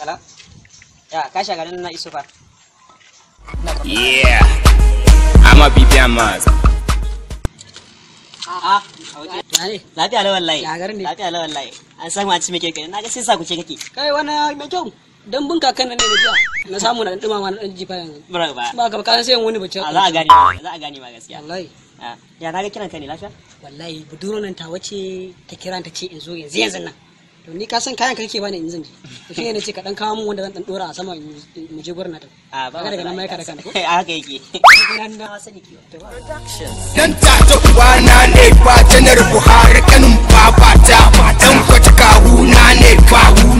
Hello? Yeah, kasha garin na Yeah. I'm a BB Amaz. Ah, An ci kai. Na ga sa ku ce kake. Kai wani mai kyau. Dan Na samu na na dan jifa yanzu. Bara ba. Ba ka wani ah, a za a gane ma gaskiya. Wallahi. Ah, ya na ga kiran ka ne lafiya? Wallahi buduro nan ta wace ta ta ce in zo yanzu yanzu nan. to ni ka san kayan kake bani in zan je to shine ce ka dan kawo mun wanda zan dan dora a sama mu je gurna na a ba daga nan mai ka da kanka haka yake nan na sani ki to dan ta ta na ne ba tanar buhari kanin ta dan kwata kawu na ne kawu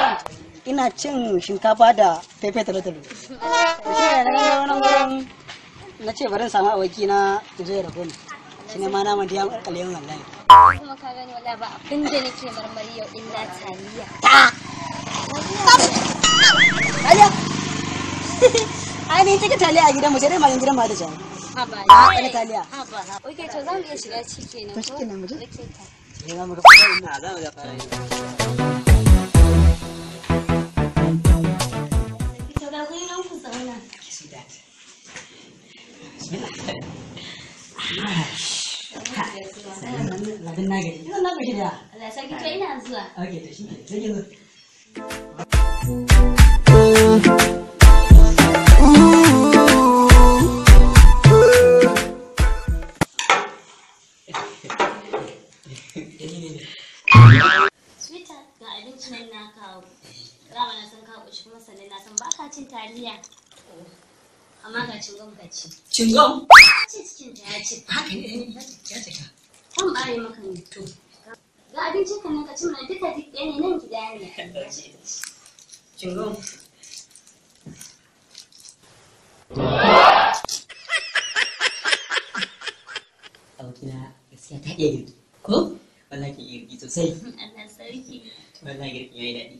ina cin shinkafa da fefe talo shi ne na wani gurin na ce barin samu awaki na zo ya rabu shi ne ma na ya kalli wallahi kuma ka gani wala ba abin da nake marmari yau illa taliya taliya ai ne taliya a gidan mu sai dai gidan ma ha ba taliya ha ba oke to zamu iya shiga ciki ne mu je ne zamu ga fara ina zamu ga fara ladan na gari ina da Allah sarki to ina zuwa baka cin taliya. amma ga ci. Cingom? ya ci. Kan bare maka ne. To. Ga abincin ka nan ka ci mana duka duk ɗaya ne nan gida ne. Cingo. gaskiya ta iya girki. Ko? girki sosai. Allah sarki. girki daɗi.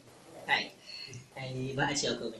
Ai. ba a ce akwai.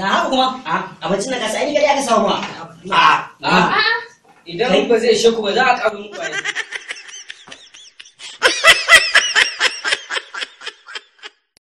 ya haka kuma abincin nan kasa ni gari aka samu ba idan ba zai sheku ba za a ƙaru muku